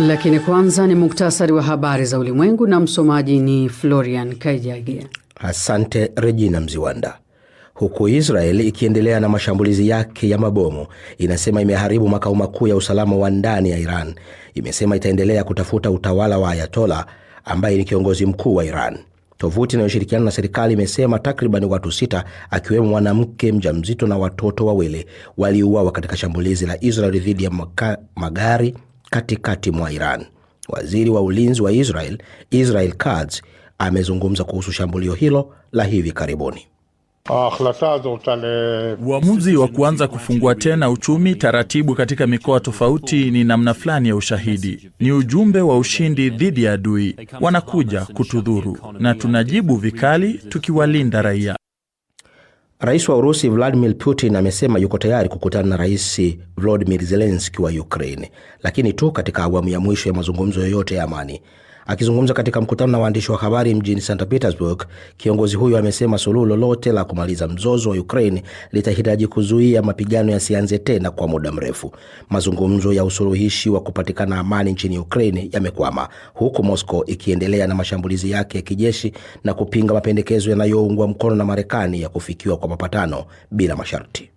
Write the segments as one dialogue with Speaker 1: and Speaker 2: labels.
Speaker 1: Lakini kwanza ni muktasari wa habari za ulimwengu na msomaji ni Florian Kaijage.
Speaker 2: Asante Regina Mziwanda. Huku Israel ikiendelea na mashambulizi yake ya mabomu, inasema imeharibu makao makuu ya usalama wa ndani ya Iran. Imesema itaendelea kutafuta utawala wa Ayatola ambaye ni kiongozi mkuu wa Iran. Tovuti inayoshirikiana na serikali imesema takriban watu sita akiwemo mwanamke mjamzito na watoto wawili waliuawa katika shambulizi la Israel dhidi ya magari katikati mwa Iran. Waziri wa ulinzi wa Israel Israel Katz amezungumza kuhusu shambulio hilo la hivi karibuni.
Speaker 3: Uamuzi wa kuanza kufungua tena uchumi taratibu katika mikoa tofauti ni namna fulani ya ushahidi, ni ujumbe wa ushindi dhidi ya adui. Wanakuja kutudhuru na tunajibu vikali, tukiwalinda raia.
Speaker 2: Rais wa Urusi Vladimir Putin amesema yuko tayari kukutana na Rais Volodymyr Zelensky wa Ukraine, lakini tu katika awamu ya mwisho ya mazungumzo yoyote ya amani. Akizungumza katika mkutano na waandishi wa habari mjini St Petersburg, kiongozi huyo amesema suluhu lolote la kumaliza mzozo wa Ukraine litahitaji kuzuia mapigano yasianze tena kwa muda mrefu. Mazungumzo ya usuluhishi wa kupatikana amani nchini Ukraine yamekwama huku Moscow ikiendelea na mashambulizi yake ya kijeshi na kupinga mapendekezo yanayoungwa mkono na Marekani ya kufikiwa kwa mapatano bila masharti.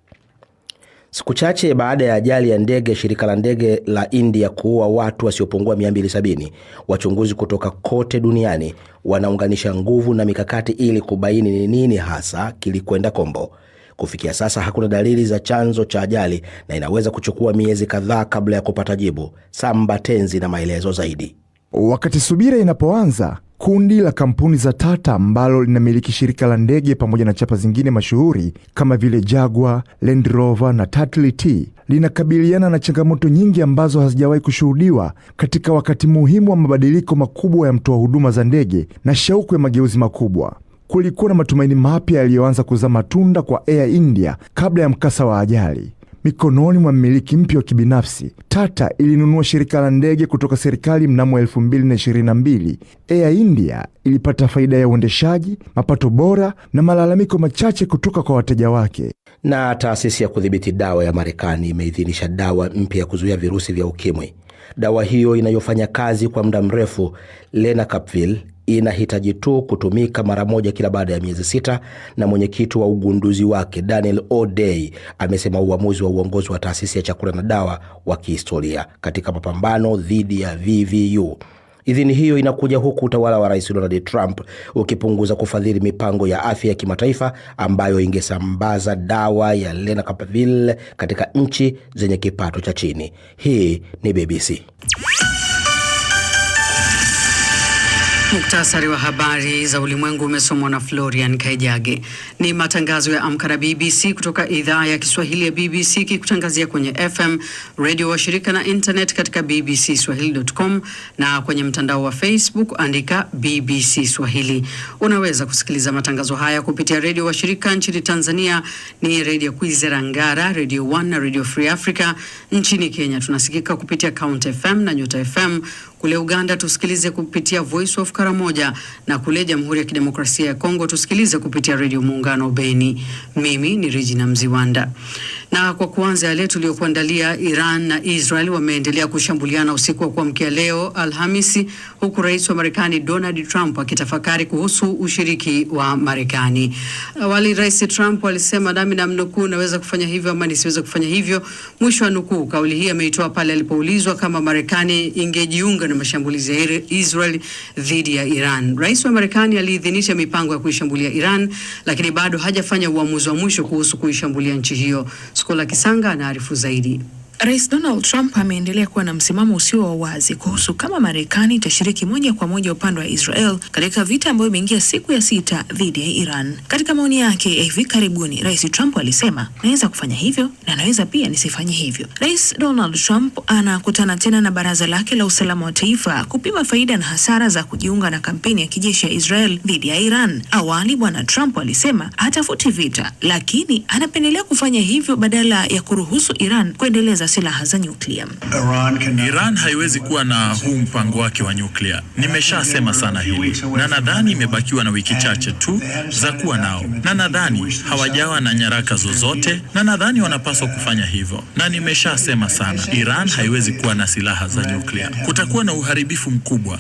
Speaker 2: Siku chache baada ya ajali ya ndege shirika la ndege la India kuua watu wasiopungua 270, wachunguzi kutoka kote duniani wanaunganisha nguvu na mikakati ili kubaini ni nini hasa kilikwenda kombo. Kufikia sasa hakuna dalili za chanzo cha ajali na inaweza kuchukua miezi kadhaa kabla ya kupata jibu. Samba Tenzi na maelezo zaidi.
Speaker 4: Wakati subira inapoanza, kundi la kampuni za Tata ambalo linamiliki shirika la ndege pamoja na chapa zingine mashuhuri kama vile Jaguar, Land Rover na T linakabiliana na changamoto nyingi ambazo hazijawahi kushuhudiwa katika wakati muhimu wa mabadiliko makubwa ya mtoa huduma za ndege na shauku ya mageuzi makubwa. Kulikuwa na matumaini mapya yaliyoanza kuzaa matunda kwa Air India kabla ya mkasa wa ajali mikononi mwa mmiliki mpya wa kibinafsi. Tata ilinunua shirika la ndege kutoka serikali mnamo 2022. Air India ilipata faida ya uendeshaji, mapato bora na malalamiko machache kutoka kwa wateja wake.
Speaker 2: Na taasisi ya kudhibiti dawa ya Marekani imeidhinisha dawa mpya ya kuzuia virusi vya ukimwi. Dawa hiyo inayofanya kazi kwa muda mrefu Lenacapavir inahitaji tu kutumika mara moja kila baada ya miezi sita, na mwenyekiti wa ugunduzi wake Daniel O'Day amesema uamuzi wa uongozi wa taasisi ya chakula na dawa wa kihistoria katika mapambano dhidi ya VVU. Idhini hiyo inakuja huku utawala wa Rais Donald Trump ukipunguza kufadhili mipango ya afya ya kimataifa ambayo ingesambaza dawa ya lenacapavir katika nchi zenye kipato cha chini. Hii ni BBC.
Speaker 1: Muktasari wa habari za ulimwengu umesomwa na Florian Kaijage. Ni matangazo ya Amka na BBC kutoka idhaa ya Kiswahili ya BBC kikutangazia kwenye FM, redio wa shirika na internet katika bbcswahili.com na kwenye mtandao wa Facebook andika BBC Swahili. Unaweza kusikiliza matangazo haya kupitia redio wa shirika nchini Tanzania ni redio Kwizera Ngara, redio 1 na redio Free Africa. Nchini Kenya tunasikika kupitia Count FM na Nyota FM kule Uganda tusikilize kupitia Voice of Karamoja na kule Jamhuri ya Kidemokrasia ya Kongo tusikilize kupitia Redio Muungano Beni. Mimi ni Regina Mziwanda. Na kwa kuanza yale tuliyokuandalia, Iran na Israel wameendelea kushambuliana usiku wa kuamkia leo Alhamisi, huku rais wa Marekani Donald Trump akitafakari kuhusu ushiriki wa Marekani. Awali Rais Trump alisema nami namnukuu, naweza kufanya hivyo ama nisiweze kufanya hivyo, mwisho wa nukuu. Kauli hii ameitoa pale alipoulizwa kama Marekani ingejiunga na mashambulizi ya Israel dhidi ya Iran. Rais wa Marekani aliidhinisha mipango ya kuishambulia Iran, lakini bado hajafanya uamuzi wa mwisho kuhusu kuishambulia nchi hiyo. Skola Kisanga anaarifu zaidi. Rais Donald Trump ameendelea kuwa na msimamo usio wa wazi kuhusu kama Marekani itashiriki moja kwa moja upande wa Israel katika vita ambayo imeingia siku ya sita dhidi ya Iran. Katika maoni yake ya eh, hivi karibuni, Rais Trump alisema, naweza kufanya hivyo na naweza pia nisifanye hivyo. Rais Donald Trump anakutana tena na baraza lake la usalama wa taifa kupima faida na hasara za kujiunga na kampeni ya kijeshi ya Israel dhidi ya Iran. Awali Bwana Trump alisema hatafuti vita, lakini anapendelea kufanya hivyo badala ya kuruhusu Iran kuendeleza silaha za nyuklia.
Speaker 5: Iran haiwezi kuwa na huu mpango wake wa nyuklia. Nimeshasema sana hili, na nadhani imebakiwa na wiki chache tu za kuwa nao, na nadhani hawajawa na nyaraka zozote, na nadhani wanapaswa kufanya hivyo, na nimeshasema sana, Iran haiwezi kuwa na silaha za nyuklia. Kutakuwa na uharibifu mkubwa.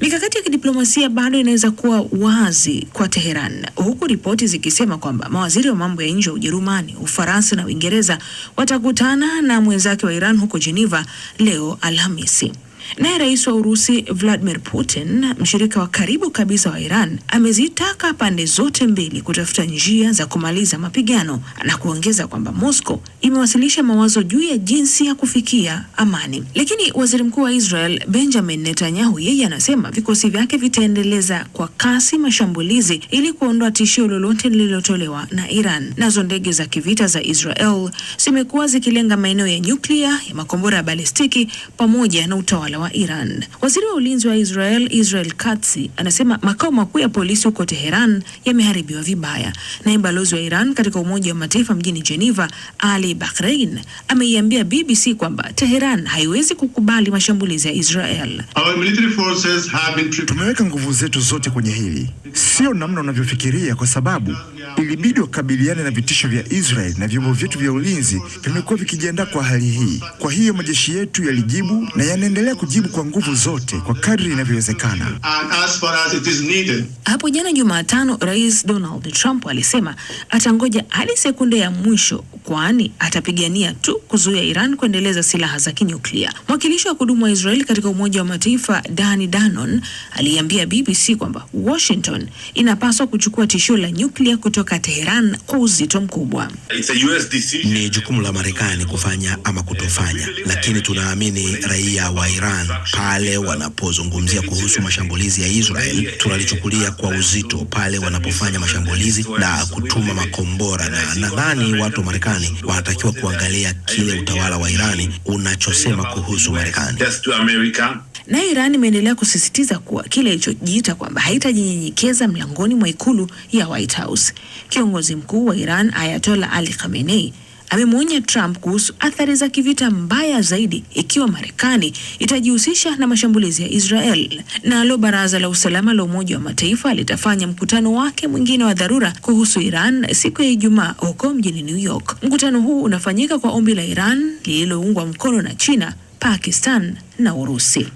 Speaker 1: Mikakati ya diplomasia bado inaweza kuwa wazi kwa Teheran, huku ripoti zikisema kwamba mawaziri wa mambo ya nje wa Ujerumani, Ufaransa na Uingereza watakutana na mwenzake wa Iran huko Geneva leo Alhamisi. Naye rais wa Urusi Vladimir Putin, mshirika wa karibu kabisa wa Iran, amezitaka pande zote mbili kutafuta njia za kumaliza mapigano na kuongeza kwamba Moscow imewasilisha mawazo juu ya jinsi ya kufikia amani. Lakini waziri mkuu wa Israel Benjamin Netanyahu, yeye anasema vikosi vyake vitaendeleza kwa kasi mashambulizi ili kuondoa tishio lolote lililotolewa na Iran. Nazo ndege za kivita za Israel zimekuwa zikilenga maeneo ya nyuklia ya makombora ya balistiki pamoja na utawala utawala wa Iran. Waziri wa ulinzi wa Israel Israel katsi anasema makao makuu ya polisi huko Teheran yameharibiwa vibaya. Naye balozi wa Iran katika Umoja wa Mataifa mjini Geneva Ali Bahrein ameiambia BBC kwamba Teheran haiwezi kukubali mashambulizi ya Israel.
Speaker 6: Been... tumeweka nguvu zetu zote kwenye hili, sio namna unavyofikiria, kwa sababu ilibidi wakabiliane na vitisho vya Israel na vyombo vyetu vya ulinzi vimekuwa vikijiandaa kwa hali hii. Kwa hiyo majeshi yetu yalijibu na yanaendelea kujibu kwa nguvu zote kwa kadri inavyowezekana.
Speaker 1: Hapo jana Jumatano, Rais Donald Trump alisema atangoja hadi sekunde ya mwisho, kwani atapigania tu kuzuia Iran kuendeleza silaha za kinyuklia. Mwakilishi wa kudumu wa Israeli katika Umoja wa Mataifa Dani Danon aliambia BBC kwamba Washington inapaswa kuchukua tishio la nyuklia kutoka Teheran kwa uzito mkubwa.
Speaker 7: Ni jukumu la Marekani kufanya ama kutofanya, lakini tunaamini raia wa Iran Iran pale wanapozungumzia kuhusu mashambulizi ya Israel, tunalichukulia kwa uzito pale wanapofanya mashambulizi na kutuma makombora, na nadhani watu wa Marekani wanatakiwa kuangalia kile utawala wa Irani unachosema kuhusu Marekani.
Speaker 1: Na Iran imeendelea kusisitiza kuwa kile ilichojiita kwamba haitajinyenyekeza mlangoni mwa ikulu ya White House. Kiongozi mkuu wa Iran Ayatollah Ali Khamenei amemwonya Trump kuhusu athari za kivita mbaya zaidi ikiwa Marekani itajihusisha na mashambulizi ya Israel. Nalo na baraza la usalama la Umoja wa Mataifa litafanya mkutano wake mwingine wa dharura kuhusu Iran siku ya Ijumaa huko mjini New York. Mkutano huu unafanyika kwa ombi la Iran lililoungwa mkono na China, Pakistan na Urusi.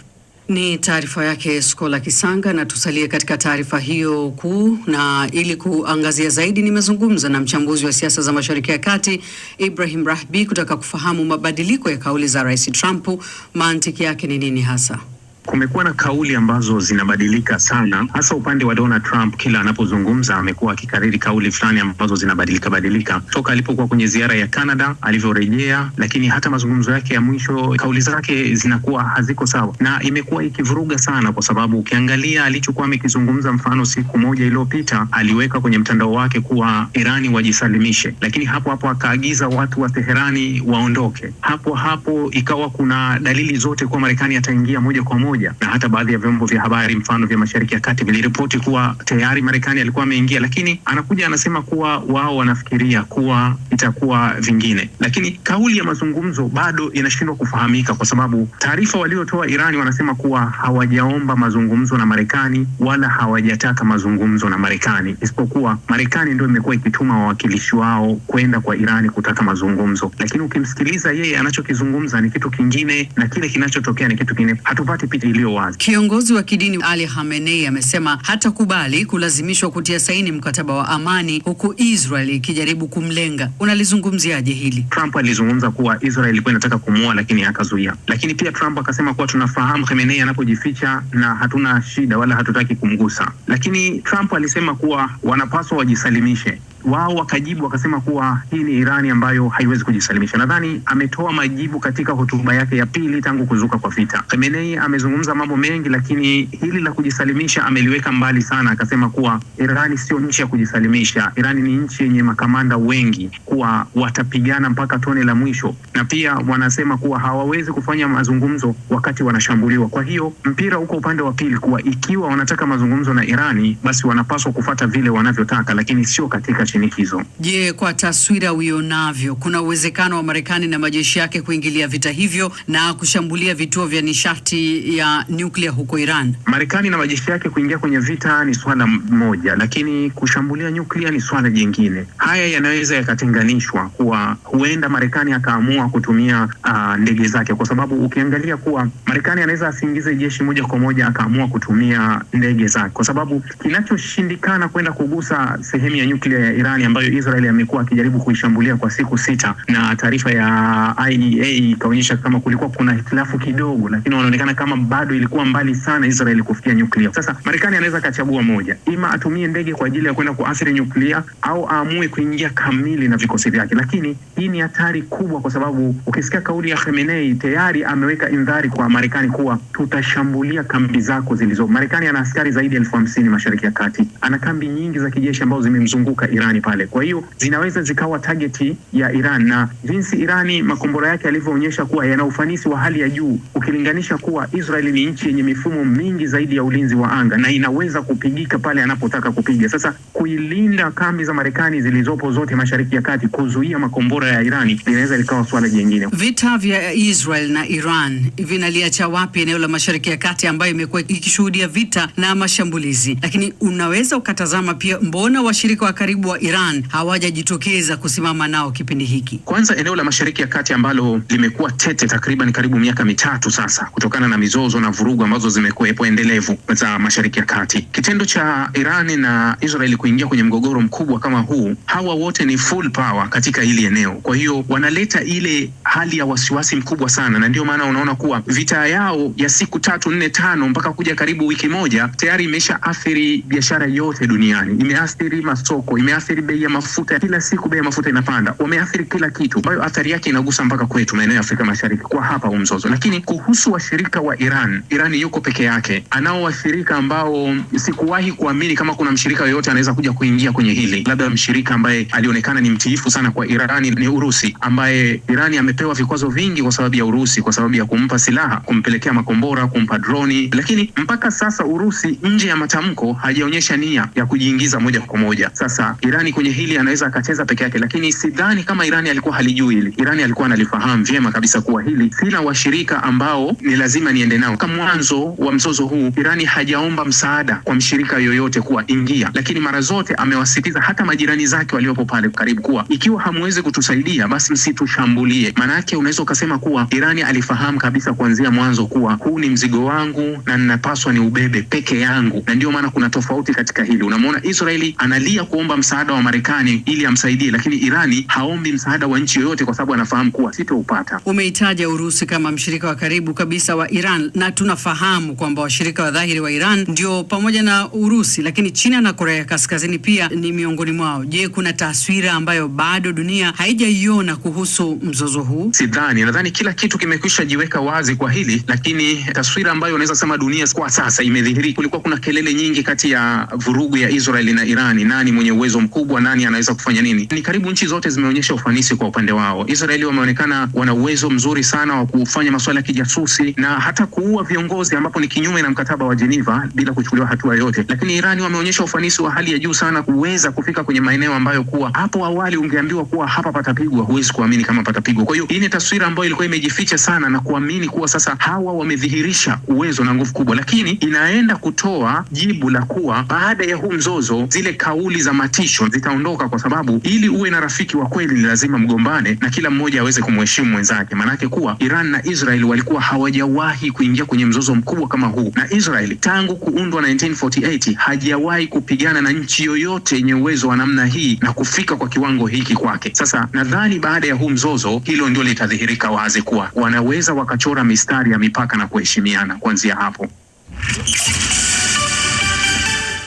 Speaker 1: Ni taarifa yake Skola Kisanga, na tusalie katika taarifa hiyo kuu, na ili kuangazia zaidi, nimezungumza na mchambuzi wa siasa za Mashariki ya Kati Ibrahim Rahbi kutaka kufahamu mabadiliko ya kauli za Rais Trump, mantiki yake ni nini hasa.
Speaker 8: Kumekuwa na kauli ambazo zinabadilika sana, hasa upande wa Donald Trump. Kila anapozungumza amekuwa akikariri kauli fulani ambazo zinabadilika badilika, toka alipokuwa kwenye ziara ya Canada, alivyorejea, lakini hata mazungumzo yake ya mwisho, kauli zake zinakuwa haziko sawa, na imekuwa ikivuruga sana, kwa sababu ukiangalia alichokuwa amekizungumza, mfano siku moja iliyopita aliweka kwenye mtandao wake kuwa Irani wajisalimishe, lakini hapo hapo akaagiza watu wa Teherani waondoke. Hapo hapo ikawa kuna dalili zote kuwa Marekani ataingia moja kwa moja moja, na hata baadhi ya vyombo vya habari mfano vya Mashariki ya Kati viliripoti kuwa tayari Marekani alikuwa ameingia, lakini anakuja anasema kuwa wao wanafikiria kuwa itakuwa vingine, lakini kauli ya mazungumzo bado inashindwa kufahamika kwa sababu taarifa waliotoa Irani wanasema kuwa hawajaomba mazungumzo na Marekani wala hawajataka mazungumzo na Marekani, isipokuwa Marekani ndio imekuwa ikituma wawakilishi wao kwenda kwa Irani kutaka mazungumzo. Lakini ukimsikiliza yeye, anachokizungumza ni kitu kingine na kile kinachotokea ni kitu kingine. Hatupati picha iliyo wazi.
Speaker 1: Kiongozi wa kidini Ali hamenei amesema hatakubali kulazimishwa kutia saini mkataba wa amani huku Israel ikijaribu kumlenga. Unalizungumziaje hili?
Speaker 8: Trump alizungumza kuwa Israel ilikuwa inataka kumuua lakini akazuia, lakini pia Trump akasema kuwa tunafahamu hamenei anapojificha na hatuna shida wala hatutaki kumgusa, lakini Trump alisema kuwa wanapaswa wajisalimishe wao wakajibu wakasema kuwa hii ni Irani ambayo haiwezi kujisalimisha. Nadhani ametoa majibu katika hotuba yake ya pili tangu kuzuka kwa vita. Khamenei amezungumza mambo mengi, lakini hili la kujisalimisha ameliweka mbali sana, akasema kuwa Irani sio nchi ya kujisalimisha. Irani ni nchi yenye makamanda wengi, kuwa watapigana mpaka tone la mwisho, na pia wanasema kuwa hawawezi kufanya mazungumzo wakati wanashambuliwa. Kwa hiyo mpira uko upande wa pili, kuwa ikiwa wanataka mazungumzo na Irani, basi wanapaswa kufata vile wanavyotaka, lakini sio katika shinikizo.
Speaker 1: Je, kwa taswira uionavyo, kuna uwezekano wa Marekani na majeshi yake kuingilia vita hivyo na kushambulia vituo vya nishati ya nyuklia huko Iran?
Speaker 8: Marekani na majeshi yake kuingia kwenye vita ni swala moja, lakini kushambulia nyuklia ni swala jingine. Haya yanaweza yakatenganishwa, kuwa huenda Marekani akaamua kutumia uh, ndege zake, kwa sababu ukiangalia kuwa Marekani anaweza asiingize jeshi moja kwa moja akaamua kutumia ndege zake, kwa sababu kinachoshindikana kwenda kugusa sehemu ya nyuklia ya jirani ambayo Israel amekuwa akijaribu kuishambulia kwa siku sita, na taarifa ya IEA ikaonyesha kama kulikuwa kuna hitilafu kidogo, lakini wanaonekana kama bado ilikuwa mbali sana Israel kufikia nyuklia. Sasa Marekani anaweza akachagua moja, ima atumie ndege kwa ajili ya kwenda kuathiri nyuklia au aamue kuingia kamili na vikosi vyake, lakini hii ni hatari kubwa, kwa sababu ukisikia kauli ya Khamenei tayari ameweka indhari kwa Marekani kuwa tutashambulia kambi zako zilizo. Marekani ana askari zaidi ya elfu hamsini mashariki ya kati, ana kambi nyingi za kijeshi ambazo zimemzunguka Iran mahali pale. Kwa hiyo zinaweza zikawa tageti ya Iran na jinsi Irani makombora yake yalivyoonyesha kuwa yana ufanisi wa hali ya juu ukilinganisha kuwa Israeli ni nchi yenye mifumo mingi zaidi ya ulinzi wa anga na inaweza kupigika pale anapotaka kupiga. Sasa kuilinda kambi za Marekani zilizopo zote Mashariki ya Kati, kuzuia makombora ya Irani linaweza likawa swala jingine.
Speaker 1: Vita vya Israel na Iran vinaliacha wapi eneo la Mashariki ya Kati ambayo imekuwa ikishuhudia vita na mashambulizi? Lakini unaweza ukatazama pia, mbona washirika wa karibu wa Iran hawajajitokeza kusimama nao kipindi hiki.
Speaker 8: Kwanza eneo la Mashariki ya Kati ambalo limekuwa tete takriban karibu miaka mitatu sasa, kutokana na mizozo na vurugu ambazo zimekuwepo endelevu za Mashariki ya Kati. Kitendo cha Iran na Israeli kuingia kwenye mgogoro mkubwa kama huu, hawa wote ni full power katika hili eneo, kwa hiyo wanaleta ile hali ya wasiwasi mkubwa sana, na ndio maana unaona kuwa vita yao ya siku tatu nne tano mpaka kuja karibu wiki moja tayari imesha athiri biashara yote duniani, imeathiri masoko, imeathiri wameathiri bei ya mafuta. Kila siku bei ya mafuta inapanda, wameathiri kila kitu, ambayo athari yake inagusa mpaka kwetu maeneo ya Afrika Mashariki kwa hapa huu mzozo. Lakini kuhusu washirika wa Iran, Iran yuko peke yake, anao washirika ambao sikuwahi kuamini kama kuna mshirika yoyote anaweza kuja kuingia kwenye hili. Labda mshirika ambaye alionekana ni mtiifu sana kwa Irani ni Urusi, ambaye Irani amepewa vikwazo vingi kwa sababu ya Urusi, kwa sababu ya kumpa silaha, kumpelekea makombora, kumpa droni, lakini mpaka sasa Urusi nje ya matamko hajaonyesha nia ya kujiingiza moja kwa moja. Sasa Iran Irani kwenye hili anaweza akacheza peke yake, lakini sidhani kama Irani alikuwa halijui hili. Irani alikuwa analifahamu vyema kabisa kuwa hili sina washirika ambao ni lazima niende nao. Kama mwanzo wa mzozo huu, Irani hajaomba msaada kwa mshirika yoyote kuwa ingia, lakini mara zote amewasitiza hata majirani zake waliopo pale karibu kuwa ikiwa hamwezi kutusaidia, basi msitushambulie. Maana yake unaweza ukasema kuwa Irani alifahamu kabisa kuanzia mwanzo kuwa huu ni mzigo wangu na ninapaswa ni ubebe peke yangu, na ndio maana kuna tofauti katika hili. Unamwona Israeli analia kuomba msaada msaada wa Marekani ili amsaidie, lakini Irani haombi msaada wa nchi yoyote kwa sababu anafahamu kuwa sitoupata.
Speaker 1: Umeitaja Urusi kama mshirika wa karibu kabisa wa Iran na tunafahamu kwamba washirika wa dhahiri wa Iran ndio pamoja na Urusi, lakini China na Korea Kaskazini pia ni miongoni mwao. Je, kuna taswira ambayo bado dunia haijaiona kuhusu mzozo huu?
Speaker 8: Sidhani, nadhani kila kitu kimekwisha jiweka wazi kwa hili, lakini taswira ambayo unaweza sema dunia kwa sasa imedhihiri. Kulikuwa kuna kelele nyingi kati ya vurugu ya Israeli na Irani, nani mwenye uwezo mkubwa, nani anaweza kufanya nini. Ni karibu nchi zote zimeonyesha ufanisi kwa upande wao. Israeli wameonekana wana uwezo mzuri sana wa kufanya masuala ya kijasusi na hata kuua viongozi, ambapo ni kinyume na mkataba wa Geneva bila kuchukuliwa hatua yoyote. Lakini Irani wameonyesha ufanisi wa hali ya juu sana kuweza kufika kwenye maeneo ambayo kuwa hapo awali ungeambiwa kuwa hapa patapigwa, huwezi kuamini kama patapigwa. Kwa hiyo hii ni taswira ambayo ilikuwa imejificha sana, na kuamini kuwa sasa hawa wamedhihirisha uwezo na nguvu kubwa, lakini inaenda kutoa jibu la kuwa baada ya huu mzozo, zile kauli za matisho kesho zitaondoka, kwa sababu ili uwe na rafiki wa kweli ni lazima mgombane na kila mmoja aweze kumheshimu mwenzake. Maanake kuwa Iran na Israel walikuwa hawajawahi kuingia kwenye mzozo mkubwa kama huu, na Israel tangu kuundwa 1948 hajawahi kupigana na nchi yoyote yenye uwezo wa namna hii na kufika kwa kiwango hiki kwake. Sasa nadhani baada ya huu mzozo, hilo ndio litadhihirika wazi kuwa wanaweza wakachora mistari ya mipaka na kuheshimiana kuanzia hapo.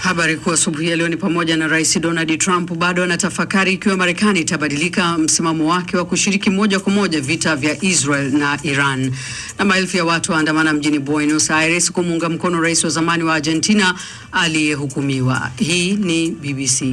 Speaker 1: Habari kuu asubuhi ya leo ni pamoja na Rais Donald Trump bado anatafakari ikiwa Marekani itabadilika msimamo wake wa kushiriki moja kwa moja vita vya Israel na Iran, na maelfu ya watu waandamana mjini Buenos Aires kumuunga mkono rais wa zamani wa Argentina aliyehukumiwa. Hii ni BBC.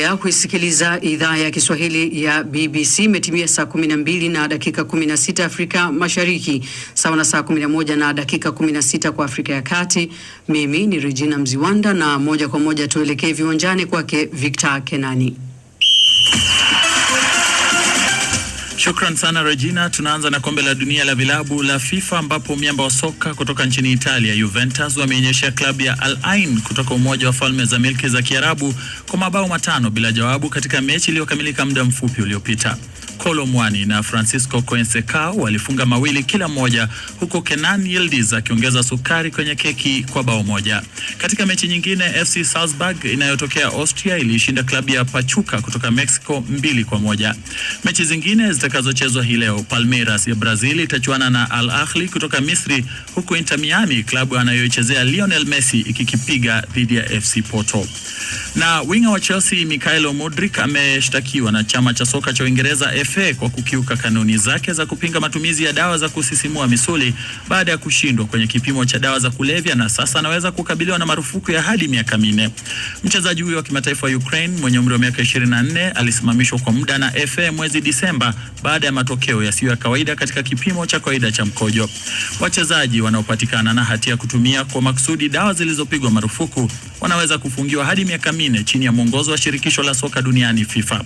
Speaker 1: Mnaendelea kuisikiliza idhaa ya Kiswahili ya BBC. Imetimia saa 12 na dakika 16 Afrika Mashariki, sawa na saa 11 na dakika 16 kwa Afrika ya Kati. Mimi ni Regina Mziwanda na moja kwa moja tuelekee viwanjani kwake Victor Kenani.
Speaker 9: Shukran sana Regina. Tunaanza na kombe la dunia la vilabu la FIFA ambapo miamba wa soka kutoka nchini Italia Juventus wameonyesha klabu ya Al Ain kutoka Umoja wa Falme za Milki za Kiarabu kwa mabao matano bila jawabu katika mechi iliyokamilika muda mfupi uliopita. Mwani na Francisco Coenseka walifunga mawili kila moja huku Kenan Yildiz akiongeza sukari kwenye keki kwa bao moja. Katika mechi nyingine, FC Salzburg inayotokea Austria iliishinda klabu ya Pachuca kutoka Mexico mbili kwa moja. Mechi zingine zitakazochezwa hii leo, Palmeiras ya Brazil itachuana na Al Ahli kutoka Misri, huku Inter Miami klabu anayoichezea Lionel Messi ikikipiga dhidi ya FC Porto. Na winga wa Chelsea Mikhailo Mudrik ameshtakiwa na chama cha soka cha Uingereza Efe kwa kukiuka kanuni zake za kupinga matumizi ya dawa za kusisimua misuli baada ya kushindwa kwenye kipimo cha dawa za kulevya na sasa anaweza kukabiliwa na marufuku ya hadi miaka minne. Mchezaji huyo wa kimataifa wa Ukraine mwenye umri wa miaka 24 alisimamishwa kwa muda na Efe mwezi Disemba baada ya matokeo yasiyo ya kawaida katika kipimo cha kawaida cha mkojo. Wachezaji wanaopatikana na hatia kutumia kwa makusudi dawa zilizopigwa marufuku wanaweza kufungiwa hadi miaka minne chini ya mwongozo wa shirikisho la soka duniani FIFA.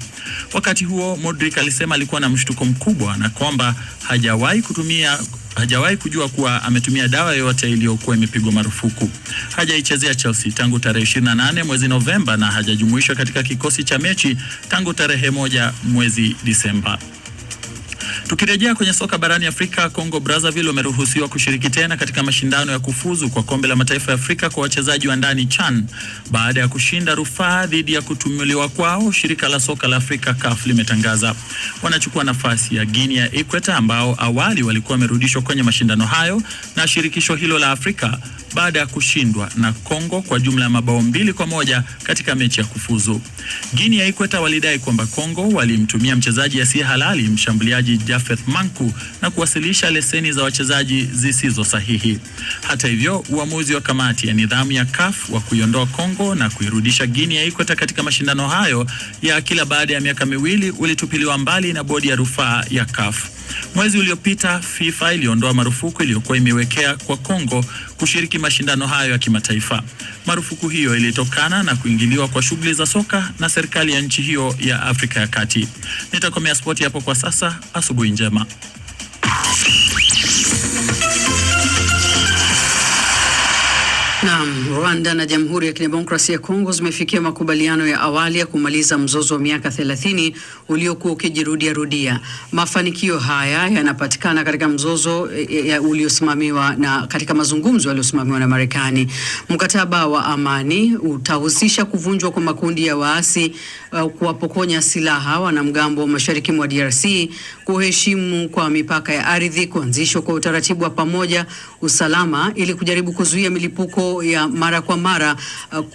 Speaker 9: Wakati huo Modric alisema kama alikuwa na mshtuko mkubwa na kwamba hajawahi kutumia hajawahi kujua kuwa ametumia dawa yoyote iliyokuwa imepigwa marufuku. Hajaichezea Chelsea tangu tarehe 28 mwezi Novemba na hajajumuishwa katika kikosi cha mechi tangu tarehe moja mwezi Disemba. Tukirejea kwenye soka barani Afrika, Congo Brazzaville wameruhusiwa kushiriki tena katika mashindano ya kufuzu kwa kombe la mataifa ya Afrika kwa wachezaji wa ndani CHAN baada ya kushinda rufaa dhidi ya kutumuliwa kwao, shirika la soka la Afrika CAF limetangaza. Wanachukua nafasi ya Guinea Equator ambao awali walikuwa wamerudishwa kwenye mashindano hayo na shirikisho hilo la Afrika baada ya kushindwa na Kongo kwa jumla ya mabao mbili kwa moja katika mechi ya kufuzu. Guinea ya Ikweta walidai kwamba Kongo walimtumia mchezaji asiye halali mshambuliaji Jafeth Manku na kuwasilisha leseni za wachezaji zisizo sahihi. Hata hivyo, uamuzi wa kamati ya nidhamu ya CAF wa kuiondoa Kongo na kuirudisha Guinea ya Ikweta katika mashindano hayo ya kila baada ya miaka miwili ulitupiliwa mbali na bodi ya rufaa ya CAF. Mwezi uliopita FIFA iliondoa marufuku iliyokuwa imewekea kwa Kongo kushiriki mashindano hayo ya kimataifa. Marufuku hiyo ilitokana na kuingiliwa kwa shughuli za soka na serikali ya nchi hiyo ya Afrika ya Kati. Nitakomea spoti hapo kwa sasa. Asubuhi njema.
Speaker 1: Naam, Rwanda na Jamhuri ya Kidemokrasia ya Kongo zimefikia makubaliano ya awali ya kumaliza mzozo wa miaka 30 uliokuwa ukijirudia rudia. Mafanikio haya yanapatikana katika mzozo e, e, ya uliosimamiwa na katika mazungumzo yaliyosimamiwa na Marekani. Mkataba wa amani utahusisha kuvunjwa kwa makundi ya waasi, uh, kuwapokonya silaha wanamgambo wa mashariki mwa DRC, kuheshimu kwa mipaka ya ardhi, kuanzishwa kwa utaratibu wa pamoja usalama ili kujaribu kuzuia milipuko ya mara kwa mara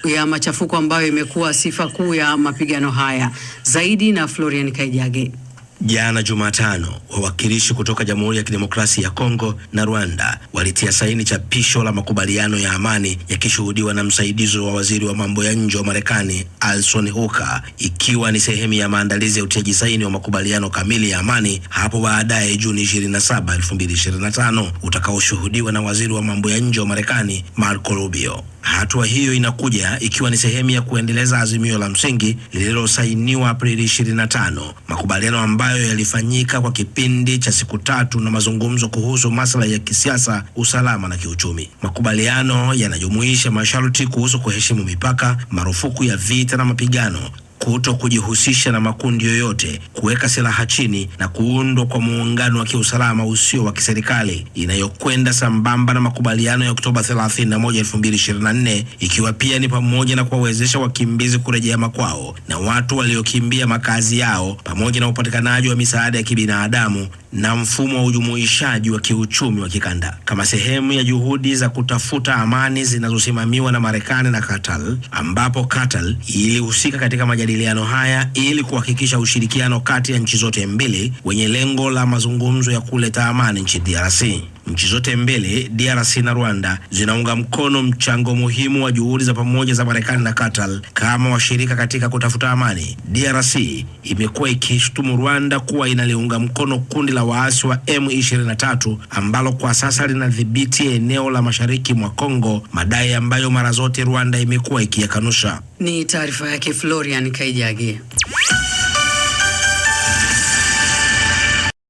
Speaker 1: uh, ya machafuko ambayo imekuwa sifa kuu ya mapigano haya. Zaidi na Florian Kaijage.
Speaker 10: Jana Jumatano, wawakilishi kutoka Jamhuri ya Kidemokrasia ya Kongo na Rwanda walitia saini chapisho la makubaliano ya amani yakishuhudiwa na msaidizi wa waziri wa mambo ya nje wa Marekani Alson Hoka, ikiwa ni sehemu ya maandalizi ya utiaji saini wa makubaliano kamili ya amani hapo baadaye Juni 27, 2025 utakaoshuhudiwa na waziri wa mambo ya nje wa Marekani Marco Rubio. Hatua hiyo inakuja ikiwa ni sehemu ya kuendeleza azimio la msingi lililosainiwa Aprili 25, makubaliano ambayo yalifanyika kwa kipindi cha siku tatu na mazungumzo kuhusu maslahi ya kisiasa, usalama na kiuchumi. Makubaliano yanajumuisha masharti kuhusu kuheshimu mipaka, marufuku ya vita na mapigano kuto kujihusisha na makundi yoyote, kuweka silaha chini na kuundwa kwa muungano wa kiusalama usio wa kiserikali inayokwenda sambamba na makubaliano ya Oktoba 31, 2024 ikiwa pia ni pamoja na kuwawezesha wakimbizi kurejea makwao na watu waliokimbia makazi yao pamoja na upatikanaji wa misaada ya kibinadamu na mfumo wa ujumuishaji wa kiuchumi wa kikanda kama sehemu ya juhudi za kutafuta amani zinazosimamiwa na Marekani na Qatar, ambapo Qatar ilihusika katika majadiliano majadiliano haya ili kuhakikisha ushirikiano kati ya nchi zote mbili wenye lengo la mazungumzo ya kuleta amani nchini DRC. Nchi zote mbili, DRC na Rwanda, zinaunga mkono mchango muhimu wa juhudi za pamoja za Marekani na Qatar kama washirika katika kutafuta amani. DRC imekuwa ikishutumu Rwanda kuwa inaliunga mkono kundi la waasi wa M23 ambalo kwa sasa linadhibiti eneo la mashariki mwa Kongo, madai ambayo mara zote Rwanda imekuwa ikiyakanusha.
Speaker 1: Ni taarifa yake Florian Kaijage.